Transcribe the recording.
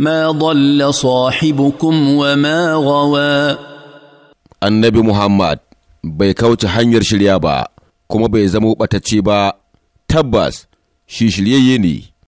ما ضل صاحبكم وما غوى النبي محمد bai kauce hanyar shirya ba kuma bai zama ɓatacce ba tabbas shi shiryayye ne